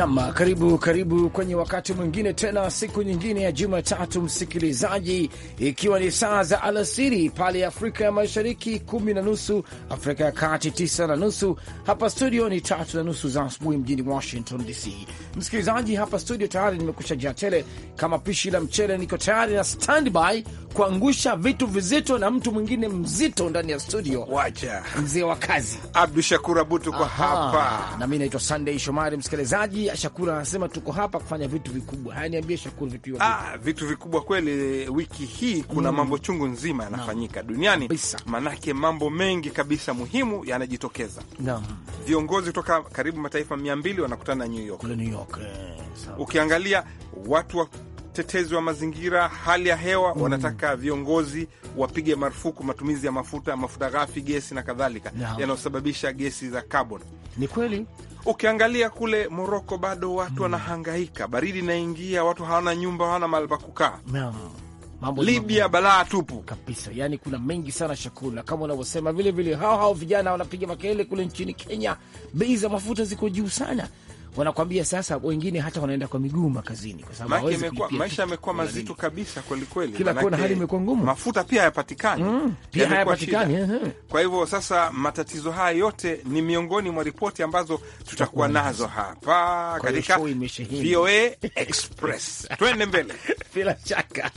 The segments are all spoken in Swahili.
Nam, karibu karibu kwenye wakati mwingine tena, siku nyingine ya Jumatatu msikilizaji, ikiwa ni saa za alasiri pale Afrika ya Mashariki kumi na nusu, Afrika ya Kati tisa na nusu. Hapa studio ni tatu na nusu za asubuhi mjini Washington DC. Msikilizaji, hapa studio tayari nimekusha jaa tele kama pishi la mchele, niko tayari na standby kuangusha vitu vizito na mtu mwingine mzito ndani ya studio, wacha mzee wa kazi Abdu Shakur Abutu kwa hapa, na mi naitwa Sunday Shomari msikilizaji pia Shakuru anasema tuko hapa kufanya vitu vikubwa. Haya, niambie Shakuru, vitu hivyo ah, vitu vikubwa kweli. Wiki hii kuna mm, mambo chungu nzima yanafanyika no, duniani Manake mambo mengi kabisa muhimu yanajitokeza no. Viongozi kutoka karibu mataifa mia mbili wanakutana New York, New York eh, ukiangalia watu wa tetezi wa mazingira, hali ya hewa mm. Wanataka viongozi wapige marufuku matumizi ya mafuta, mafuta ghafi, gesi na kadhalika yanayosababisha gesi za kaboni. Ni kweli Ukiangalia kule Moroko bado watu hmm. wanahangaika, baridi inaingia, watu hawana nyumba, hawana mahali pa kukaa. Mambo Libya balaa tupu kabisa, yani kuna mengi sana shakuru, na kama unavyosema vile vile, hao hao vijana wanapiga makelele kule nchini Kenya, bei za mafuta ziko juu sana, wanakwambia sasa, wengine hata wanaenda kwa miguu makazini, kwa sababu hawezi kulipia. Maisha yamekuwa mazito kabisa kweli kweli, kila kona hali imekuwa ngumu, mafuta pia hayapatikani, mm, pia hayapatikani. Kwa hivyo sasa, matatizo haya yote ni miongoni mwa ripoti ambazo tutakuwa nazo hapa katika VOA Express. Twende mbele bila shaka,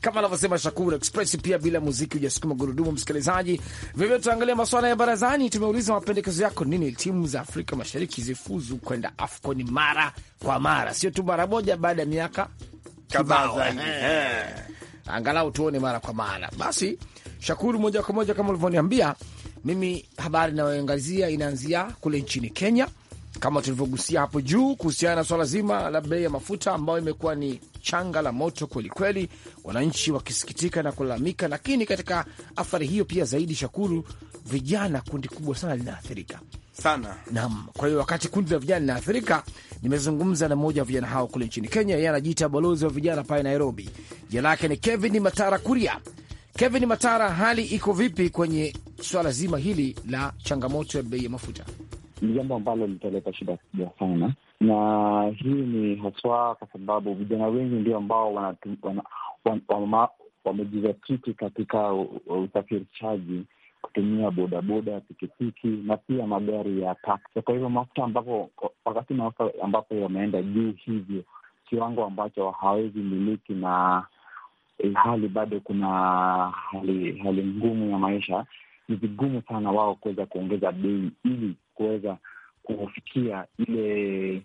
kama anavyosema Express pia bila muziki hujasukuma gurudumu, msikilizaji. tutaangalia masuala ya barazani, tumeuliza mapendekezo yako nini timu za Afrika Mashariki zifuzu kwenda AFCON mara kwa mara, sio tu mara moja baada ya miaka kadhaa, angalau tuone mara kwa mara. Basi Shakuru, moja kwa moja kama ulivyoniambia, mimi habari inayoangazia inaanzia kule nchini Kenya, kama tulivyogusia hapo juu kuhusiana na swala zima la bei ya mafuta ambayo imekuwa ni changa la moto kwelikweli, wananchi wakisikitika na kulalamika. Lakini katika athari hiyo pia zaidi, Shakuru, vijana kundi kubwa sana linaathirika sana. Naam, kwa hiyo wakati kundi la vijana linaathirika, nimezungumza na mmoja wa vijana hao kule nchini Kenya. Yeye anajiita balozi wa vijana pale Nairobi. Jina lake ni Kevin Matara Kuria. Kevin Matara, hali iko vipi kwenye swala zima hili la changamoto ya bei ya mafuta? Ni jambo ambalo litaleta shida kubwa sana, na hii ni haswa kwa sababu vijana wengi ndio ambao wamejizatiti kiti katika usafirishaji kutumia bodaboda, pikipiki na pia magari ya taksi. Kwa hivyo mafuta ambapo wakati mafuta ambapo yameenda juu hivyo, kiwango ambacho hawezi miliki na hali bado kuna hali hali ngumu ya maisha, ni vigumu sana wao kuweza kuongeza bei ili kuweza kufikia ile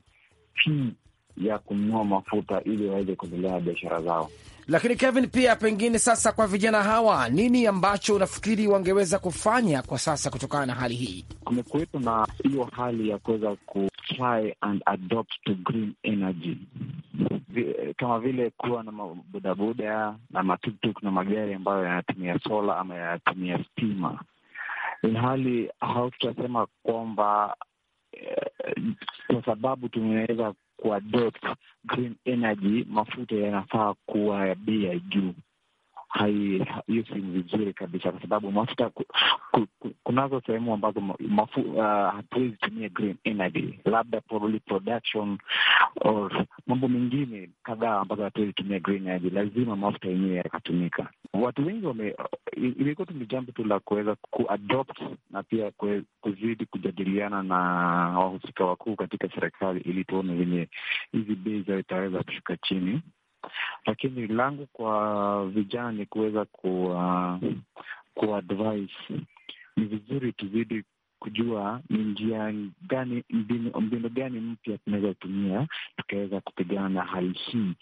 ya kununua mafuta ili waweze kuendelea biashara zao. Lakini Kevin, pia pengine sasa kwa vijana hawa, nini ambacho unafikiri wangeweza kufanya kwa sasa kutokana na hali hii? Kumekuwepo na hiyo hali ya kuweza ku try and adopt to green energy kama vile kuwa na mabodaboda na matuktuk na magari ambayo yanatumia sola ama yanatumia stima, ilhali haututasema kwamba eh, kwa sababu tumeweza kuadopt green energy, mafuta yanafaa kuwa ya bei ya juu hiyo si vizuri kabisa, kwa sababu mafuta kunazo sehemu ambazo uh, hatuwezi tumia green energy, labda production or mambo mengine kadhaa ambazo hatuwezi tumia green energy, lazima mafuta yenyewe yakatumika. Watu wengi wame, imekuwa tu ni jambo tu la kuweza kuadopt na pia kuzidi kujadiliana na wahusika wakuu katika serikali ili tuone venye hizi bei zao itaweza kushuka chini lakini langu kwa vijana ni kuweza kuwa, uh, kuwa ni vizuri tuzidi kujua ni njia gani, mbinu gani mpya tunaweza kutumia tukaweza kupigana na hali hii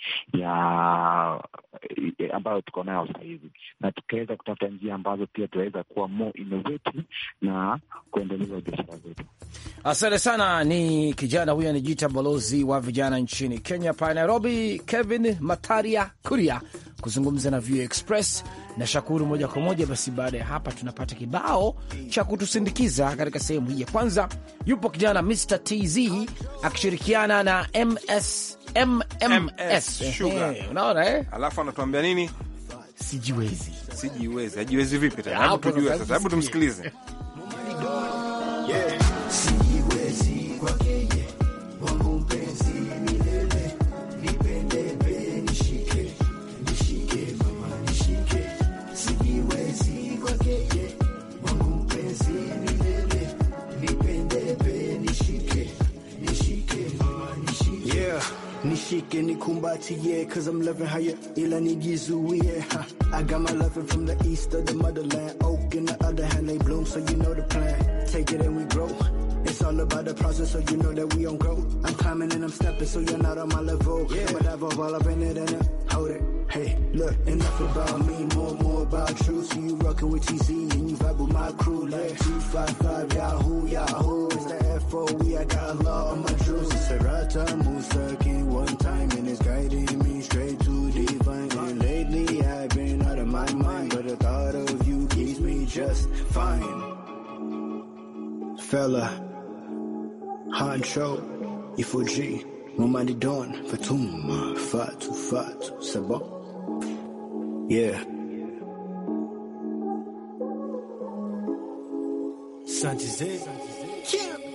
ya ambayo tuko nayo sahizi, na tukaweza kutafuta njia ambazo pia tunaweza kuwa more innovative na kuendeleza biashara zetu. Asante sana. Ni kijana ni jita balozi wa vijana nchini Kenya, pa Nairobi, Kevin Mataria Kuria kuzungumza na VOA Express na Shakuru moja kwa moja. Basi baada ya hapa, tunapata kibao cha kutusindikiza katika sehemu hii ya kwanza. Yupo kijana Mr TZ akishirikiana na MS, MMS unaona eh, alafu anatuambia nini? Sijiwezi, sijiwezi. Ajiwezi vipi tena? Hebu tujue sasa, hebu tumsikilize. shike yeah, cause I'm loving how you Ilani nijizuie yeah. I got my loving from the east of the motherland oak in the other hand they bloom so you know the plan take it and we grow it's all about the process, so you know that we don't grow. I'm climbing and I'm stepping, so you're not on my level. Yeah. But I've all in it and hold it. Hey, look, enough about me, more, more about truth. See you rockin' with TZ and you vibe with my crew. Like 255, Yahoo, Yahoo. It's that we I got lot on my truth. It's Serata Mustaqim, one time, and it's guiding me straight to divine. And lately, I've been out of my mind, but the thought of you keeps me just fine. Fella, Hancho, Ifuji, Mumadi Don, Fatuma, Fatu, Fatu, Sabon. Yeah. Saint-Dizé. Yeah.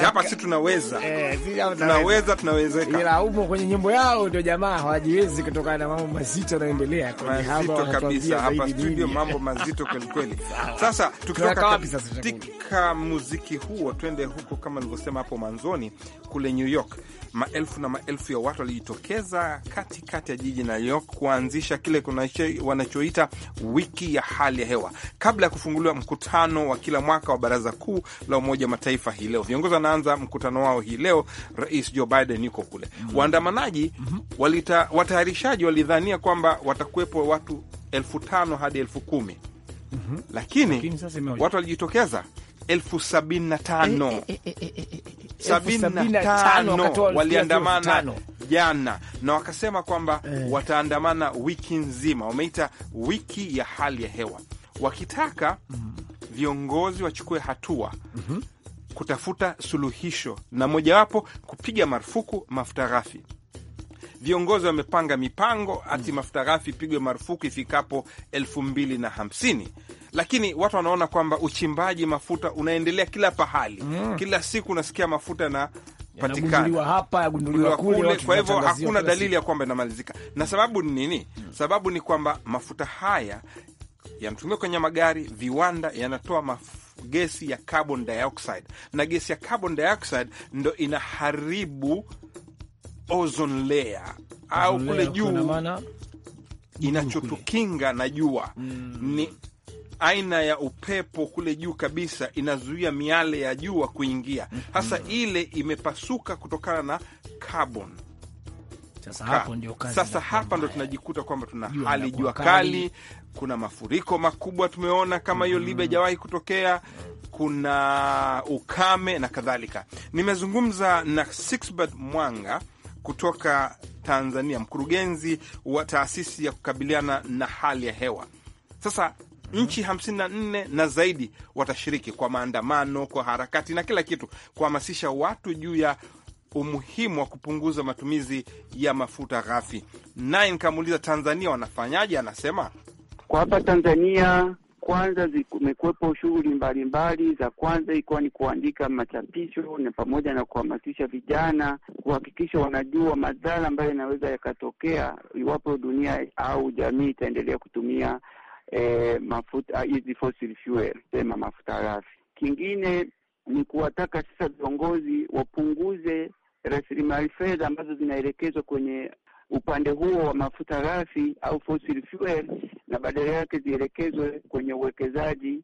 hapa si eh, tunaweza tunaweza tunawezeka, ila umo kwenye nyimbo yao ndio jamaa hawajiwezi kutokana na mambo mazito yanayoendelea kwenye hapa kabisa, hapa studio mambo mazito kweli kweli. Sasa tukitoka katika muziki huo, twende huko kama nilivyosema hapo mwanzoni kule New York maelfu na maelfu ya watu walijitokeza katikati ya jiji na York kuanzisha kile wanachoita wiki ya hali ya hewa kabla ya kufunguliwa mkutano wa kila mwaka wa baraza kuu la Umoja Mataifa hii leo. Viongozi wanaanza mkutano wao hii leo. Rais Joe Biden yuko kule. mm -hmm. Waandamanaji mm -hmm. watayarishaji walidhania kwamba watakuwepo watu elfu tano hadi elfu kumi. Mm -hmm. Lakini, lakini watu walijitokeza elfu sabini na tano eh, eh, eh, sabini na tano waliandamana jana na wakasema kwamba e, wataandamana wiki nzima, wameita wiki ya hali ya hewa, wakitaka mm, viongozi wachukue hatua mm -hmm, kutafuta suluhisho na mojawapo kupiga marufuku mafuta ghafi. Viongozi wamepanga mipango ati mm. mafuta ghafi ipigwe marufuku ifikapo elfu mbili na hamsini lakini watu wanaona kwamba uchimbaji mafuta unaendelea kila pahali mm. Kila siku unasikia mafuta na patikana hapa yagunduliwa kule, kwa hivyo hakuna dalili ya kwamba inamalizika. Na sababu ni nini? Mm. Sababu ni kwamba mafuta haya yanatumiwa kwenye magari, viwanda yanatoa gesi ya carbon dioxide na gesi ya carbon dioxide ndo inaharibu ozone layer au kule juu inachotukinga na jua mm. ni aina ya upepo kule juu kabisa inazuia miale ya jua kuingia, mm-hmm. hasa ile imepasuka kutokana na carbon. Sasa, hapo ndio kazi sasa hapa ndo tunajikuta kwamba tuna hali jua kali, kuna mafuriko makubwa tumeona kama hiyo mm -hmm. Libya jawahi kutokea, kuna ukame na kadhalika. Nimezungumza na Sixbert Mwanga kutoka Tanzania, mkurugenzi wa taasisi ya kukabiliana na hali ya hewa. Sasa nchi 54 na zaidi watashiriki kwa maandamano, kwa harakati na kila kitu, kuhamasisha watu juu ya umuhimu wa kupunguza matumizi ya mafuta ghafi. Naye nikamuuliza Tanzania wanafanyaje? Anasema kwa hapa Tanzania kwanza zimekuwepo shughuli mbalimbali za kwanza, ikiwa ni kuandika machapisho na pamoja na kuhamasisha vijana kuhakikisha wanajua madhara ambayo yanaweza yakatokea iwapo dunia au jamii itaendelea kutumia eh, mafuta ah, hizi fossil fuel, sema mafuta ghafi. Kingine ni kuwataka sasa viongozi wapunguze rasilimali fedha ambazo zinaelekezwa kwenye upande huo wa mafuta ghafi au fossil fuel, na badala yake zielekezwe kwenye uwekezaji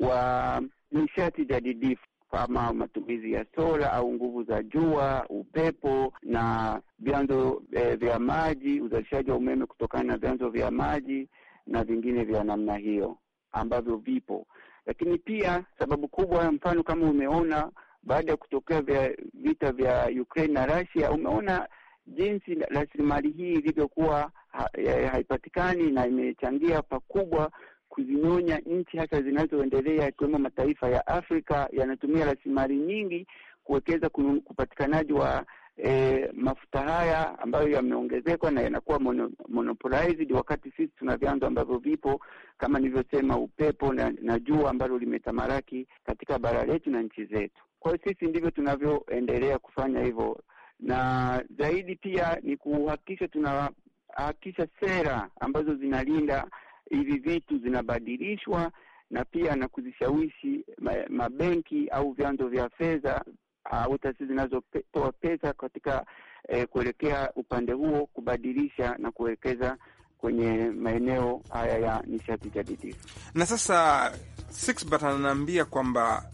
wa nishati jadidifu kama matumizi ya sola au nguvu za jua, upepo na vyanzo e, vya maji, uzalishaji wa umeme kutokana na vyanzo vya maji na vingine vya namna hiyo ambavyo vipo, lakini pia sababu kubwa, mfano kama umeona baada ya kutokea vya vita vya Ukraine na Russia, umeona jinsi rasilimali hii ilivyokuwa ha, ha, e, haipatikani na imechangia pakubwa kuzinyonya nchi hasa zinazoendelea ikiwemo mataifa ya Afrika yanatumia rasilimali nyingi kuwekeza kupatikanaji wa e, mafuta haya ambayo yameongezekwa na yanakuwa mono, monopolized, wakati sisi tuna vyanzo ambavyo vipo kama nilivyosema, upepo na, na jua ambalo limetamaraki katika bara letu na nchi zetu. Kwa hiyo sisi ndivyo tunavyoendelea kufanya hivyo, na zaidi pia ni kuhakikisha tunahakikisha sera ambazo zinalinda hivi vitu zinabadilishwa na pia na kuzishawishi mabenki au vyanzo vya fedha au taasisi zinazotoa pesa katika eh, kuelekea upande huo kubadilisha na kuwekeza kwenye maeneo haya ya nishati jadidifu. Na sasa Sixbert ananiambia kwamba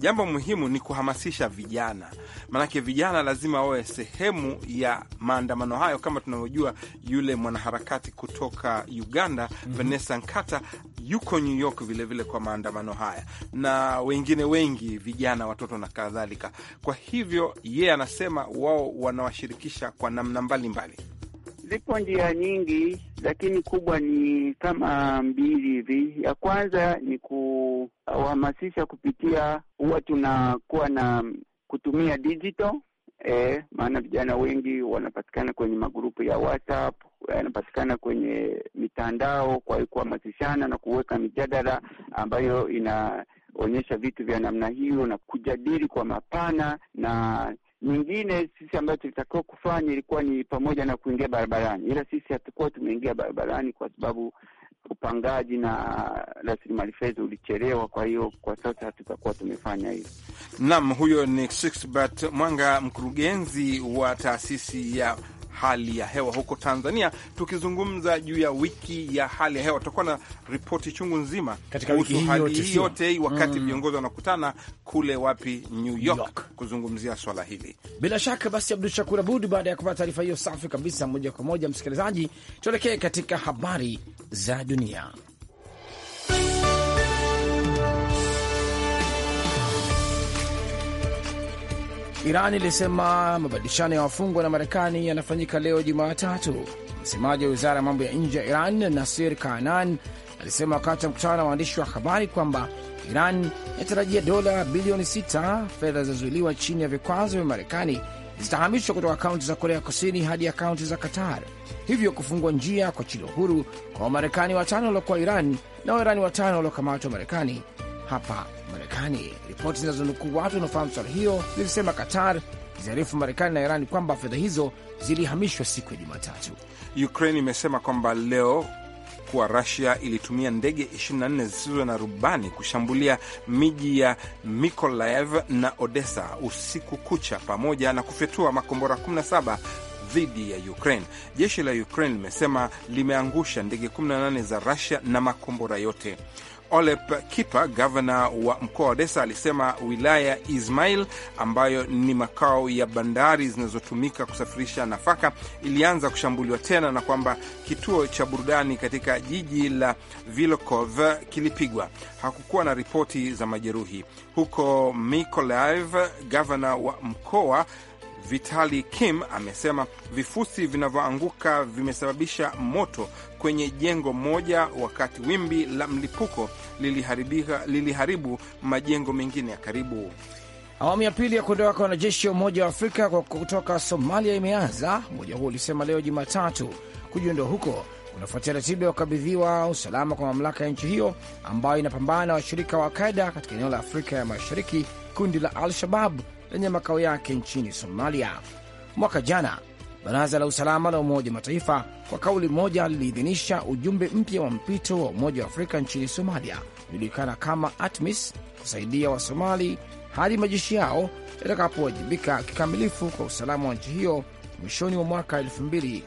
jambo muhimu ni kuhamasisha vijana, maanake vijana lazima wawe sehemu ya maandamano hayo, kama tunavyojua yule mwanaharakati kutoka Uganda mm -hmm. Vanessa Nkata yuko New York vilevile vile kwa maandamano haya, na wengine wengi, vijana, watoto na kadhalika. Kwa hivyo yeye, yeah, anasema wao wanawashirikisha kwa namna mbalimbali Zipo njia nyingi, lakini kubwa ni kama mbili hivi. Ya kwanza ni kuwahamasisha kupitia, huwa tunakuwa na kutumia digital eh, maana vijana wengi wanapatikana kwenye magrupu ya WhatsApp, yanapatikana kwenye mitandao kwa kuhamasishana na kuweka mijadala ambayo inaonyesha vitu vya namna hiyo na kujadili kwa mapana. Na nyingine sisi ambayo tulitakiwa kufanya ilikuwa ni pamoja na kuingia barabarani, ila sisi hatukuwa tumeingia barabarani kwa sababu upangaji na rasilimali fedha ulichelewa. Kwa hiyo kwa sasa hatutakuwa tumefanya hiyo. Naam, huyo ni Sixbert Mwanga, mkurugenzi wa taasisi ya hali ya hewa huko Tanzania, tukizungumza juu ya wiki ya hali ya hewa. Tutakuwa na ripoti chungu nzima kuhusu hali hii yote, wakati mm. viongozi mm, wanakutana kule wapi, New York, York, kuzungumzia swala hili bila shaka. Basi Abdu Shakur Abud, baada ya kupata taarifa hiyo safi kabisa, moja kwa moja msikilizaji, tuelekee katika habari za dunia. Iran ilisema mabadilishano ya wafungwa na Marekani yanafanyika leo Jumatatu. Msemaji wa wizara ya mambo ya nje ya Iran, Nasir Kanan, alisema wakati wa mkutano na waandishi wa habari kwamba Iran inatarajia dola bilioni 6 fedha zinazozuiliwa chini ya vikwazo vya Marekani zitahamishwa kutoka akaunti za Korea Kusini hadi akaunti za Qatar, hivyo kufungua njia kwa chilo huru kwa Wamarekani watano waliokuwa Iran na Wairani watano waliokamatwa Marekani hapa Marekani. Ripoti zinazonukuu watu wanaofahamu swala hiyo zilisema Qatar zarifu Marekani na Irani kwamba fedha hizo zilihamishwa siku ya Jumatatu. Ukraine imesema kwamba leo kuwa rasia ilitumia ndege 24 zisizo na rubani kushambulia miji ya mikolaev na Odessa usiku kucha pamoja na kufyatua makombora 17 dhidi ya Ukraine. Jeshi la Ukraine limesema limeangusha ndege 18 za rasia na makombora yote. Olep Kipa, gavana wa mkoa wa Odessa, alisema wilaya Ismail ambayo ni makao ya bandari zinazotumika kusafirisha nafaka ilianza kushambuliwa tena na kwamba kituo cha burudani katika jiji la Vilokov kilipigwa. Hakukuwa na ripoti za majeruhi. Huko Mykolaiv, gavana wa mkoa Vitali Kim amesema vifusi vinavyoanguka vimesababisha moto kwenye jengo moja wakati wimbi la mlipuko liliharibu majengo mengine ya karibu. Awamu ya pili ya kuondoka kwa wanajeshi wa Umoja wa Afrika kwa kutoka Somalia imeanza. Umoja huo ulisema leo Jumatatu kujiondoa huko unafuatia ratiba ya kukabidhiwa usalama kwa mamlaka ya nchi hiyo ambayo inapambana na washirika wa Alqaida katika eneo la Afrika ya Mashariki, kundi la Al-Shabab lenye makao yake nchini Somalia. Mwaka jana Baraza la Usalama la Umoja wa Mataifa kwa kauli moja liliidhinisha ujumbe mpya wa mpito wa Umoja wa Afrika nchini Somalia unaojulikana kama ATMIS kusaidia Wasomali hadi majeshi yao yatakapowajibika kikamilifu kwa usalama wa nchi hiyo mwishoni mwa mwaka 2024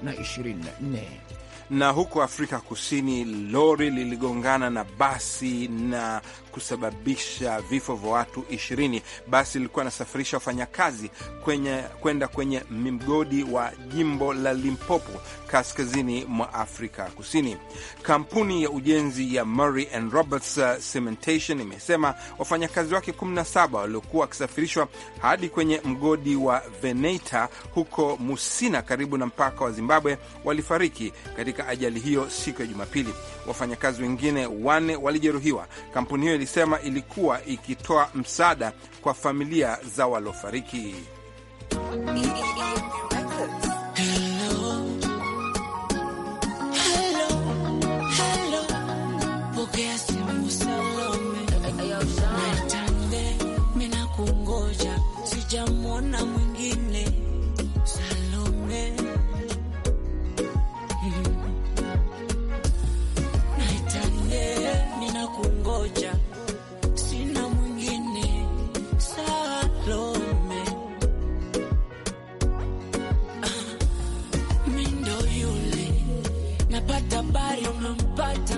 na huko Afrika Kusini lori liligongana na basi na kusababisha vifo vya watu ishirini Basi ilikuwa linasafirisha wafanyakazi kwenye kwenda kwenye mgodi wa jimbo la Limpopo kaskazini mwa Afrika Kusini. Kampuni ya ujenzi ya Murray and Roberts uh, Cementation imesema wafanyakazi wake 17 waliokuwa wakisafirishwa hadi kwenye mgodi wa veneta huko Musina karibu na mpaka wa Zimbabwe walifariki katika ajali hiyo siku ya Jumapili. Wafanyakazi wengine wane walijeruhiwa. Kampuni hiyo ilisema ilikuwa ikitoa msaada kwa familia za walofariki napata habari umempata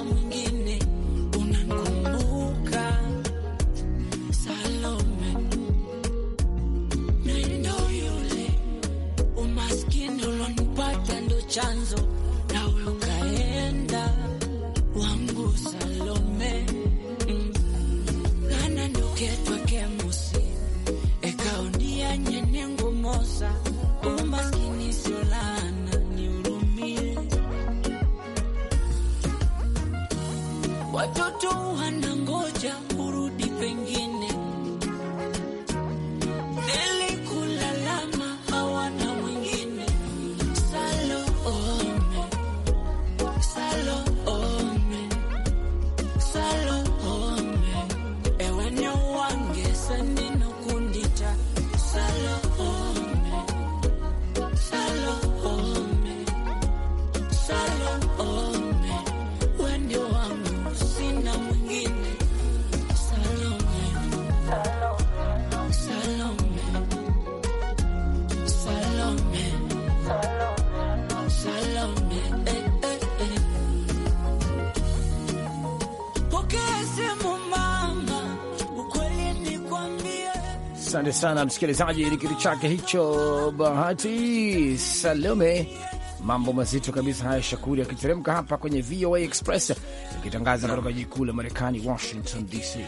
Asante sana msikilizaji, ni kitu chake hicho, Bahati Salome. Mambo mazito kabisa haya, Shakuri akiteremka hapa kwenye VOA Express ikitangaza kutoka jiji kuu la Marekani, Washington DC.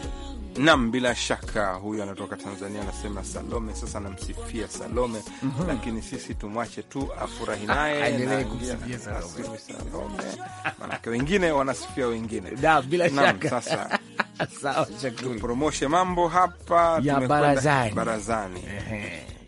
Nam, bila shaka huyu anatoka Tanzania, anasema Salome. Sasa anamsifia Salome mm -hmm. Lakini sisi tumwache tu afurahi naye, ah, manake wengine wanasifia wengine. Da, bila shaka sasa Sawa, tupromoshe mambo hapa ya barazani, barazani.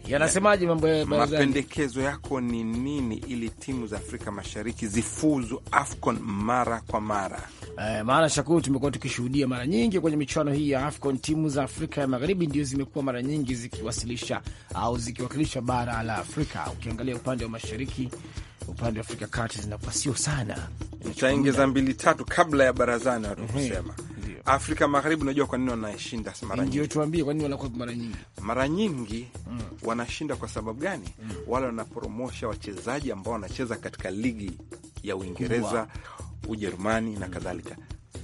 Yanasemaje mambo ya barazani? Mapendekezo yako ni nini ili timu za Afrika Mashariki zifuzu AFCON mara kwa mara? Eh, maana shakuru, tumekuwa tukishuhudia mara nyingi kwenye michuano hii ya AFCON, timu za Afrika ya Magharibi ndio zimekuwa mara nyingi zikiwasilisha au zikiwakilisha bara la Afrika. Ukiangalia upande wa mashariki upande wa Afrika kati zinakuwa sio sana, tutaingiza mbili tatu kabla ya barazani watu kusema Afrika Magharibi, unajua kwa nini wanashinda mara nyingi? Tuambie, kwa nini wanakuwa mara nyingi? Mara nyingi mm. wanashinda kwa sababu gani? mm. wale wanapromosha wachezaji ambao wanacheza katika ligi ya Uingereza, Ujerumani na kadhalika.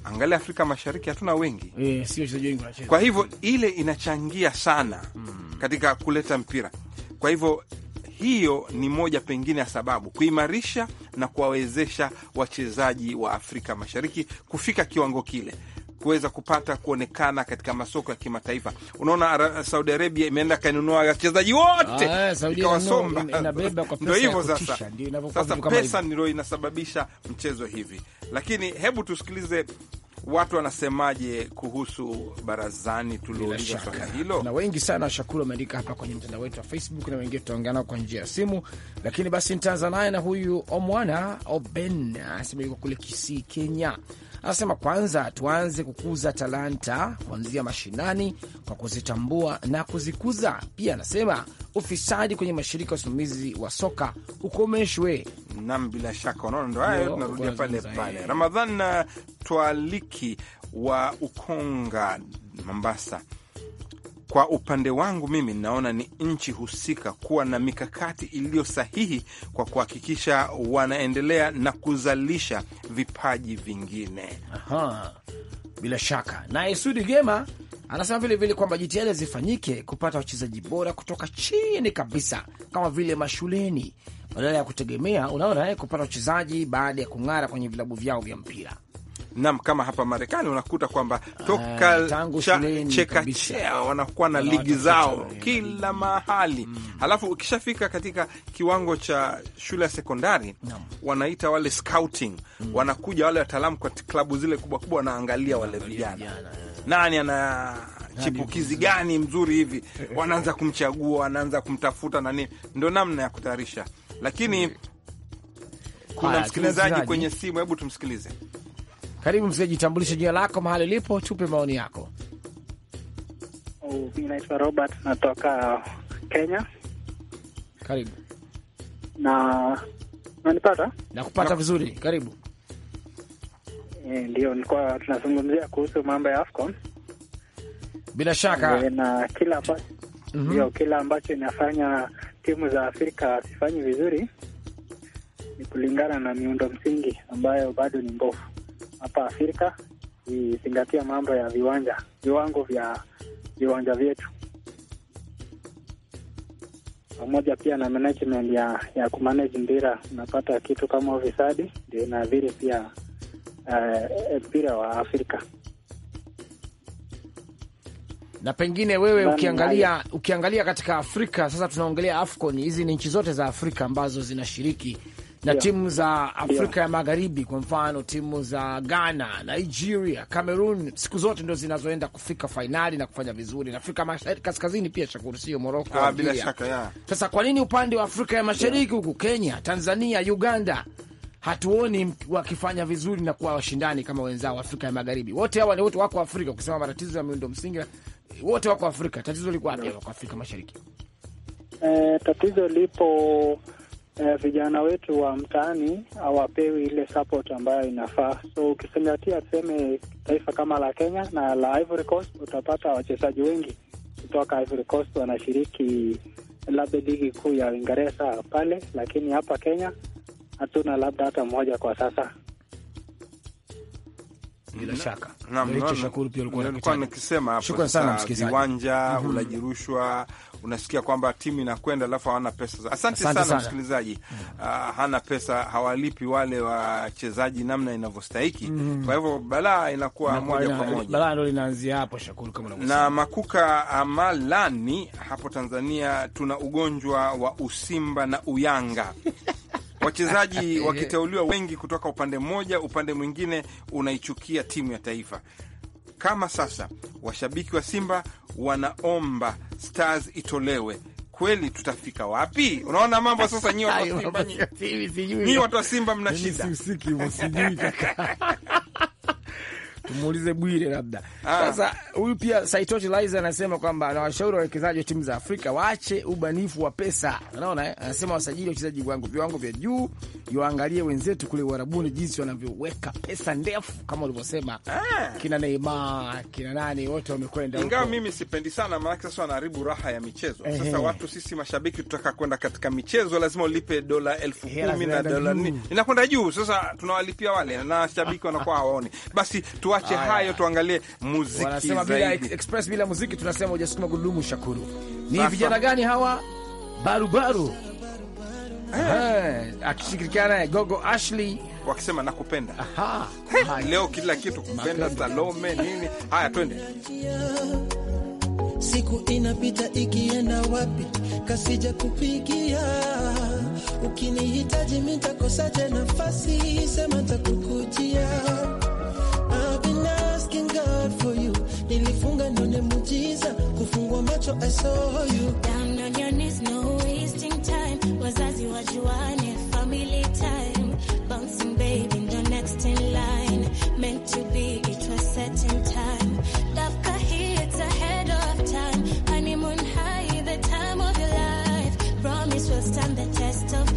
Angalia Afrika Mashariki hatuna wengi e, sio wachezaji wengi wanacheza. Kwa hivyo ile inachangia sana mm. katika kuleta mpira. Kwa hivyo hiyo ni moja pengine ya sababu kuimarisha na kuwawezesha wachezaji wa Afrika Mashariki kufika kiwango kile kuweza kupata kuonekana katika masoko ya kimataifa. Unaona, Saudi Arabia imeenda kanunua wachezaji wote ah, ikawasomba. ndo hivyo sasa, sasa pesa ndio inasababisha mchezo hivi. Lakini hebu tusikilize watu wanasemaje kuhusu barazani tuliouliza swala hilo, na wengi sana washakuru wameandika hapa kwenye mtandao wetu wa Facebook na wengine tutaongeanao kwa njia ya simu. Lakini basi nitaanza naye na huyu Omwana Oben anasema yuko kule Kisii, Kenya. Anasema kwanza tuanze kukuza talanta kuanzia mashinani kwa kuzitambua na kuzikuza. Pia anasema ufisadi kwenye mashirika ya usimamizi wa soka ukomeshwe. Nam, bila shaka, unaona ndo hayo, tunarudia pale pale. Ramadhan uh, Twaliki wa Ukonga, Mombasa kwa upande wangu mimi naona ni nchi husika kuwa na mikakati iliyo sahihi kwa kuhakikisha wanaendelea na kuzalisha vipaji vingine. Aha, bila shaka. Naye Sudi Gema anasema vilevile kwamba jitihada zifanyike kupata wachezaji bora kutoka chini kabisa, kama vile mashuleni, badala ya kutegemea, unaona, eh, kupata wachezaji baada ya kung'ara kwenye vilabu vyao vya mpira. Nam, kama hapa Marekani unakuta kwamba toka eh, chekechea wanakuwa na ligi zao kila mahali mm. Alafu ukishafika katika kiwango cha shule ya sekondari no. wanaita wale scouting mm. wanakuja wale wataalamu kwa klabu zile kubwa kubwa, wanaangalia wale vijana, eh. nani ana chipukizi gani mzuri hivi, wanaanza kumchagua, wanaanza kumtafuta nani, ndo namna ya kutayarisha, lakini mm. kuna msikilizaji kwenye simu, hebu tumsikilize. Karibu mzee, jitambulishe jina lako, mahali ulipo, tupe maoni yako. Oh, Mi naitwa Robert, natoka Kenya. Karibu na nanipata nakupata vizuri, karibu. E, ndio nilikuwa tunazungumzia kuhusu mambo ya AFCON bila shaka e, na kila ambacho mm -hmm. kila ambacho inafanya timu za Afrika sifanyi vizuri ni kulingana na miundo msingi ambayo bado ni mbovu hapa Afrika izingatia mambo ya viwanja, viwango vya viwanja vyetu, pamoja pia na management ya ya kumanage mpira. Unapata kitu kama ufisadi ndio inaathiri pia eh, mpira uh, wa Afrika na pengine wewe ukiangalia ukiangalia katika Afrika sasa, tunaongelea AFCON, hizi ni nchi zote za Afrika ambazo zinashiriki na yeah, timu za Afrika yeah, ya Magharibi, kwa mfano timu za Ghana, Nigeria, Cameroon siku zote ndo zinazoenda kufika fainali na kufanya vizuri, na Afrika Mashariki kaskazini pia shakuru, sio Moroko ah, bila shaka yeah. Sasa kwa nini upande wa Afrika ya Mashariki huku yeah, Kenya, Tanzania, Uganda hatuoni wakifanya vizuri na kuwa washindani kama wenzao wa Afrika ya Magharibi? Wote hawa ni wote wako Afrika, ukisema matatizo ya miundo msingi wote wako Afrika. Tatizo liko wapi? Wako Afrika Mashariki. Eh, tatizo lipo eh, vijana wetu wa mtaani hawapewi ile support ambayo inafaa. So ukizingatia tuseme taifa kama la Kenya na la Ivory Coast, utapata wachezaji wengi kutoka Ivory Coast wanashiriki labda ligi kuu ya Uingereza pale, lakini hapa Kenya hatuna labda hata mmoja kwa sasa bila shaka. nikisema hapo sana, viwanja mhm. unajirushwa, unasikia kwamba timu inakwenda, alafu hawana pesa. Asante sana msikilizaji, mhm. ah, hana pesa, hawalipi wale wachezaji namna inavyostahiki. Mhm. Kwa hivyo balaa inakuwa moja kwa moja, balaa linaanzia hapo, Shakuru, kama Na makuka amalani hapo Tanzania tuna ugonjwa wa usimba na uyanga wachezaji eh. wakiteuliwa wengi kutoka upande mmoja, upande mwingine unaichukia timu ya taifa. Kama sasa washabiki wa Simba wanaomba Stars itolewe Kweli tutafika wapi? Unaona mambo sasa, nyi watu wa Simba mna yaani shida tumuulize Bwire labda. Ah. Sasa huyu pia Saitoti Liza anasema kwamba anawashauri wawekezaji wa timu za Afrika waache ubanifu wa pesa. Unaona, eh? anasema wasajili wachezaji wangu viwango vya juu, iwaangalie wenzetu kule Uarabuni jinsi wanavyoweka pesa ndefu, kama ulivyosema ah. kina Neymar kina nani wote wamekwenda. Ingawa mimi sipendi sana, maanake sasa wanaharibu raha ya michezo. Sasa watu sisi mashabiki tutaka kwenda katika michezo, lazima ulipe dola elfu kumi na dola nne inakwenda juu. Sasa tunawalipia wale na shabiki wanakuwa hawaoni, basi tuwa tuache hayo, tuangalie muziki. Wanasema bila express, bila muziki tunasema hujasukuma gurudumu. Shakuru, ni vijana gani hawa? Barubaru eh. Eh, akishirikiana na Gogo Ashley wakisema nakupenda. Aha, leo kila kitu kupenda, Salome nini. Haya, twende Siku inapita ikienda wapi, kasija kupigia. Ukinihitaji mitakosaje nafasi, sema takukujia for you. Nilifunga macho I saw you. Down on your knees, no wasting time. Wazazi wajuane, family time. Bouncing baby the next in line. Meant to be, it was set in time. Love kahi, it's ahead of time. Honeymoon high, the time of your life. Promise will stand the test of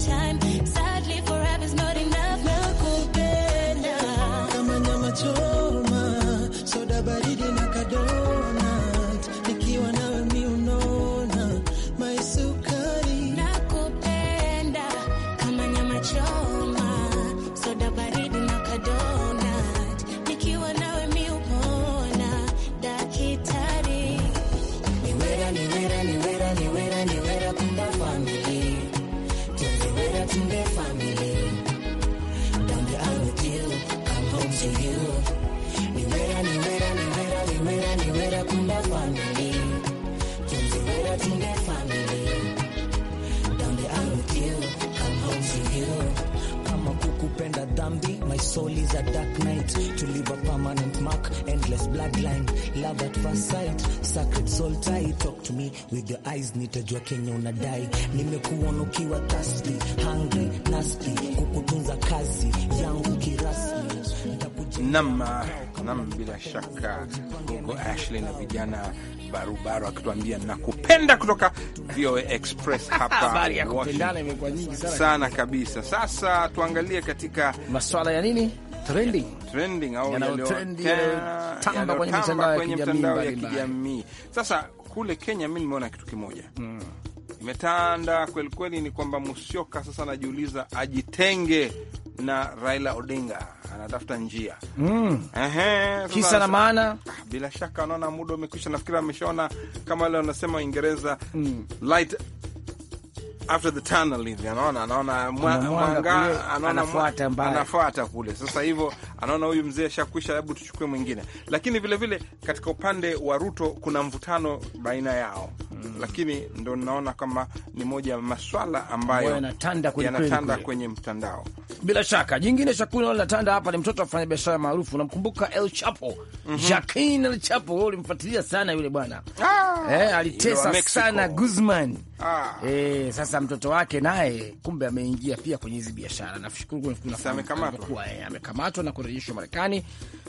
soul is a dark night to leave a permanent mark endless bloodline love at first sight sacred soul tie talk to me with your eyes nitajua Kenya unadai nimekuona ukiwa thirsty hungry nasty kukutunza kazi yangu kirasmi Nam, nam, bila shaka huko Ashley na vijana barubaru akituambia nakupenda kutoka VOA Express hapa sana kabisa. Sasa tuangalie katika maswala ya nini trending, trending au tamba kwenye mitandao ya kijamii. Sasa kule Kenya mi nimeona kitu kimoja mm, imetanda kwelikweli, ni kwamba Musyoka sasa anajiuliza ajitenge na Raila Odinga anatafuta njia mm. Ehe, kisa na maana, bila shaka anaona muda umekwisha. Nafikiri ameshaona kama wale wanasema Uingereza mm. light after the tunnel hivi, anaona anaona mwanga, anafuata anafuata kule. Sasa hivyo anaona huyu mzee ashakwisha, hebu tuchukue mwingine. Lakini vilevile vile, katika upande wa Ruto kuna mvutano baina yao mm. Lakini ndo naona kama ni moja ya maswala ambayo yanatanda kwenye mtandao bila shaka jingine shakuna linatanda hapa ni mtoto afanya biashara maarufu, namkumbuka El Chapo mm -hmm. El Chapo ulimfuatilia sana yule bwana ah, eh, alitesa sana Guzman ah. Eh, sasa mtoto wake naye kumbe ameingia pia kwenye hizi biashara, nashukuru eh, amekamatwa na kurejeshwa Marekani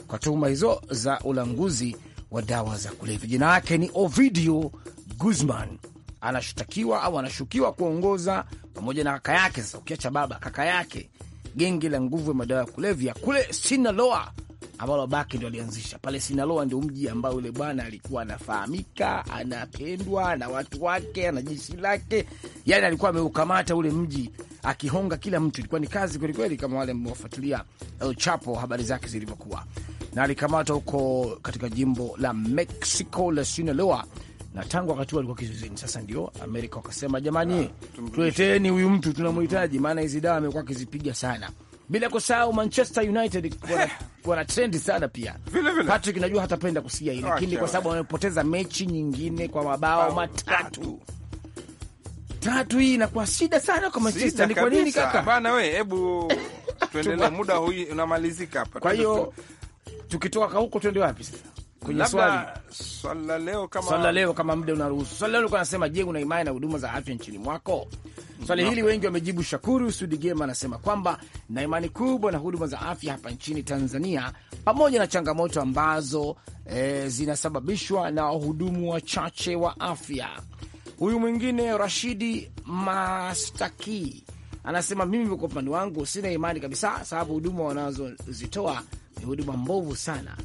kwa tuhuma hizo za ulanguzi wa dawa za kulevya. Jina lake ni Ovidio Guzman anashtakiwa au anashukiwa kuongoza pamoja na kaka yake. Sasa ukiacha baba, kaka yake genge la nguvu ya madawa ya kulevya kule Sinaloa ambalo baki ndo alianzisha pale Sinaloa. Ndio mji ambao yule bwana alikuwa anafahamika, anapendwa na watu wake, ana jeshi lake, yani alikuwa ameukamata ule mji akihonga kila mtu. Ilikuwa ni kazi kwelikweli, kama wale mmewafuatilia El eh, Chapo, habari zake zilivyokuwa, na alikamatwa huko katika jimbo la Mexico la Sinaloa na tangu wakati huo alikuwa kizuizini. Sasa ndio Amerika wakasema jamani, ah, tuleteni huyu mtu tunamhitaji, maana hizi dawa amekuwa akizipiga sana, bila kusahau Manchester United wana eh. trendi sana pia vile vile. Patrick najua hatapenda kusikia hii lakini kwa sababu wamepoteza mechi nyingine kwa mabao matatu tatu. Hii inakuwa shida sana kwa Manchester. Ni kwa nini kaka bana? We hebu tuendelee, muda huu unamalizika hapa. Kwa hiyo tukitoka huko tuende wapi sasa? kwenye swali swala leo kama swala leo kama muda unaruhusu, swala leo ulikuwa je, una imani na huduma za afya nchini mwako? Swali hili wengi wamejibu. Shakuru Sudigema anasema kwamba na imani kubwa na huduma za afya hapa nchini Tanzania, pamoja na changamoto ambazo e, zinasababishwa na wahudumu wachache wa afya. Huyu mwingine Rashidi Mastaki anasema mimi kwa upande wangu sina imani kabisa, sababu huduma wanazozitoa ni huduma mbovu sana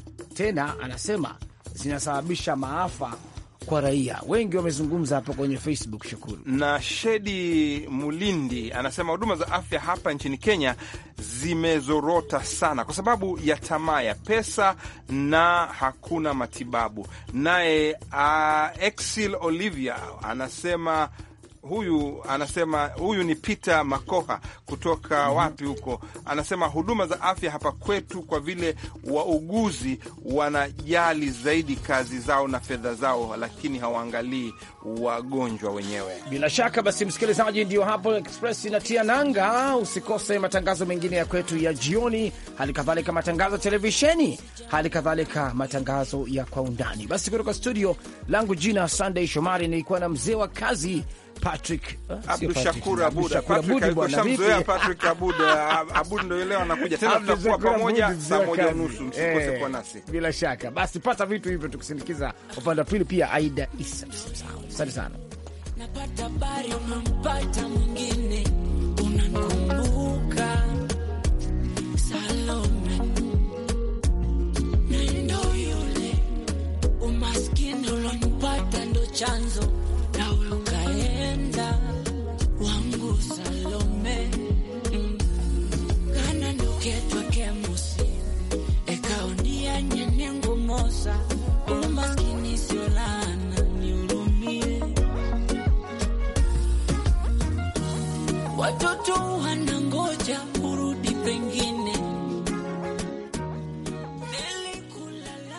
tena anasema zinasababisha maafa kwa raia wengi. Wamezungumza hapo kwenye Facebook. Shukuru na Shedi Mulindi anasema huduma za afya hapa nchini Kenya zimezorota sana kwa sababu ya tamaa ya pesa na hakuna matibabu. Naye uh, Exil Olivia anasema huyu anasema, huyu ni Peter Makoha kutoka mhm. wapi huko, anasema huduma za afya hapa kwetu, kwa vile wauguzi wanajali zaidi kazi zao na fedha zao, lakini hawaangalii wagonjwa wenyewe. Bila shaka basi, msikilizaji, ndio hapo Express inatia nanga. Usikose matangazo mengine ya kwetu ya jioni, hali kadhalika matangazo ya televisheni, hali kadhalika matangazo ya kwa undani. Basi kutoka studio langu, jina Sunday Shomari, nilikuwa na mzee wa kazi Patrick eh, ah, Abdu Abud. Shamzoea Patrick Abud, Abud ndio leo anakuja tena, tutakuwa pamoja saa moja unusu, msikose eh, kuwa nasi bila shaka. Basi pata vitu hivyo, tukisindikiza upande wa pili pia Aida Isa. Asante sana. Napata habari unampata mwingine, unanikumbuka Salome, ndo yule umaskini ulonipata ndo chanzo watoto